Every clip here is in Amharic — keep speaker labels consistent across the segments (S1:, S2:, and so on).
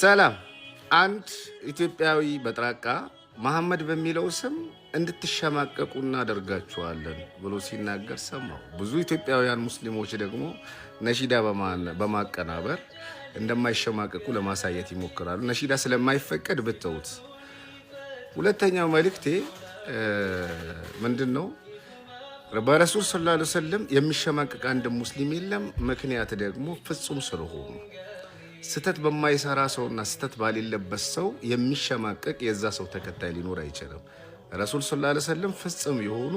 S1: ሰላም። አንድ ኢትዮጵያዊ በጥራቃ መሐመድ በሚለው ስም እንድትሸማቀቁ እናደርጋችኋለን ብሎ ሲናገር ሰማሁ። ብዙ ኢትዮጵያውያን ሙስሊሞች ደግሞ ነሺዳ በማቀናበር እንደማይሸማቀቁ ለማሳየት ይሞክራሉ። ነሺዳ ስለማይፈቀድ ብትውት ሁለተኛው መልእክቴ ምንድን ነው? በረሱል ስላ ስልም የሚሸማቀቅ አንድ ሙስሊም የለም። ምክንያት ደግሞ ፍጹም ስለሆኑ ስተት በማይሰራ ሰውና ስተት ባሌለበት ሰው የሚሸማቀቅ የዛ ሰው ተከታይ ሊኖር አይችልም። ረሱል ስ ላ ሰለም ፍጽም የሆኑ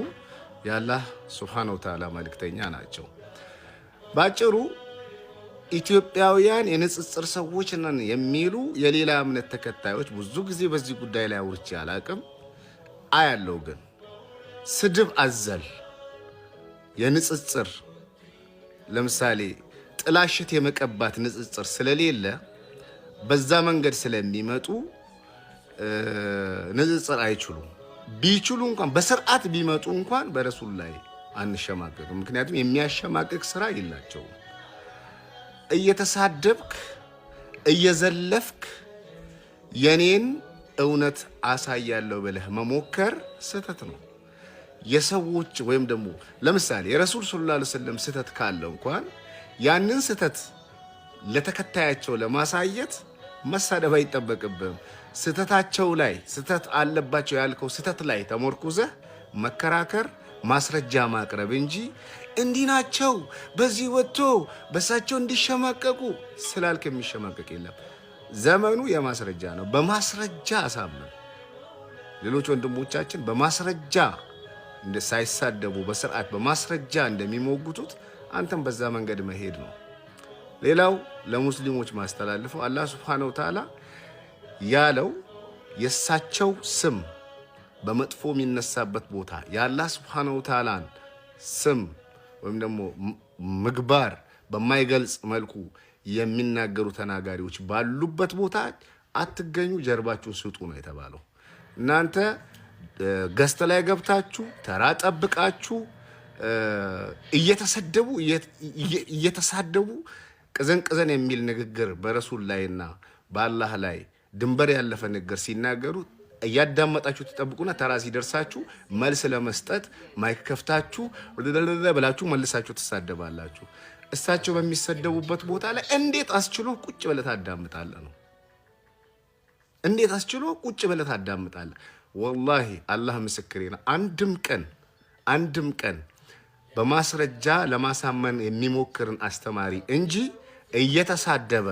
S1: የአላህ ስብሓነ ወተዓላ መልክተኛ ናቸው። በአጭሩ ኢትዮጵያውያን የንጽጽር ሰዎች ነን የሚሉ የሌላ እምነት ተከታዮች ብዙ ጊዜ በዚህ ጉዳይ ላይ አውርቼ አላቅም። አያለው ግን ስድብ አዘል የንጽጽር ለምሳሌ ጥላሸት የመቀባት ንጽጽር ስለሌለ በዛ መንገድ ስለሚመጡ ንጽጽር አይችሉም። ቢችሉ እንኳን በስርዓት ቢመጡ እንኳን በረሱል ላይ አንሸማቀቅ። ምክንያቱም የሚያሸማቅቅ ስራ የላቸውም። እየተሳደብክ እየዘለፍክ የኔን እውነት አሳያለሁ ብለህ መሞከር ስህተት ነው። የሰዎች ወይም ደግሞ ለምሳሌ የረሱል ስላ ስለም ስህተት ካለ እንኳን ያንን ስህተት ለተከታያቸው ለማሳየት መሳደብ አይጠበቅብም ስህተታቸው ላይ ስህተት አለባቸው ያልከው ስህተት ላይ ተሞርኩዘህ መከራከር፣ ማስረጃ ማቅረብ እንጂ እንዲህ ናቸው በዚህ ወጥቶ በሳቸው እንዲሸማቀቁ ስላልክ የሚሸማቀቅ የለም። ዘመኑ የማስረጃ ነው። በማስረጃ አሳምን። ሌሎች ወንድሞቻችን በማስረጃ ሳይሳደቡ በስርዓት በማስረጃ እንደሚሞግቱት አንተም በዛ መንገድ መሄድ ነው። ሌላው ለሙስሊሞች ማስተላልፈው አላህ ሱብሓነሁ ወተዓላ ያለው የእሳቸው ስም በመጥፎ የሚነሳበት ቦታ የአላህ ሱብሓነሁ ወተዓላን ስም ወይም ደግሞ ምግባር በማይገልጽ መልኩ የሚናገሩ ተናጋሪዎች ባሉበት ቦታ አትገኙ፣ ጀርባችሁን ስጡ ነው የተባለው። እናንተ ገስት ላይ ገብታችሁ ተራ ጠብቃችሁ እየተሰደቡ እየተሳደቡ ቅዘን ቅዘን የሚል ንግግር በረሱል ላይና በአላህ ላይ ድንበር ያለፈ ንግግር ሲናገሩ እያዳመጣችሁ ትጠብቁና ተራ ሲደርሳችሁ መልስ ለመስጠት ማይክ ከፍታችሁ ብላችሁ መልሳችሁ ትሳደባላችሁ። እሳቸው በሚሰደቡበት ቦታ ላይ እንዴት አስችሎ ቁጭ ብለህ ታዳምጣለህ ነው? እንዴት አስችሎ ቁጭ ብለህ ታዳምጣለህ? ወላሂ አላህ ምስክሬ ነው። አንድም ቀን አንድም ቀን በማስረጃ ለማሳመን የሚሞክርን አስተማሪ እንጂ እየተሳደበ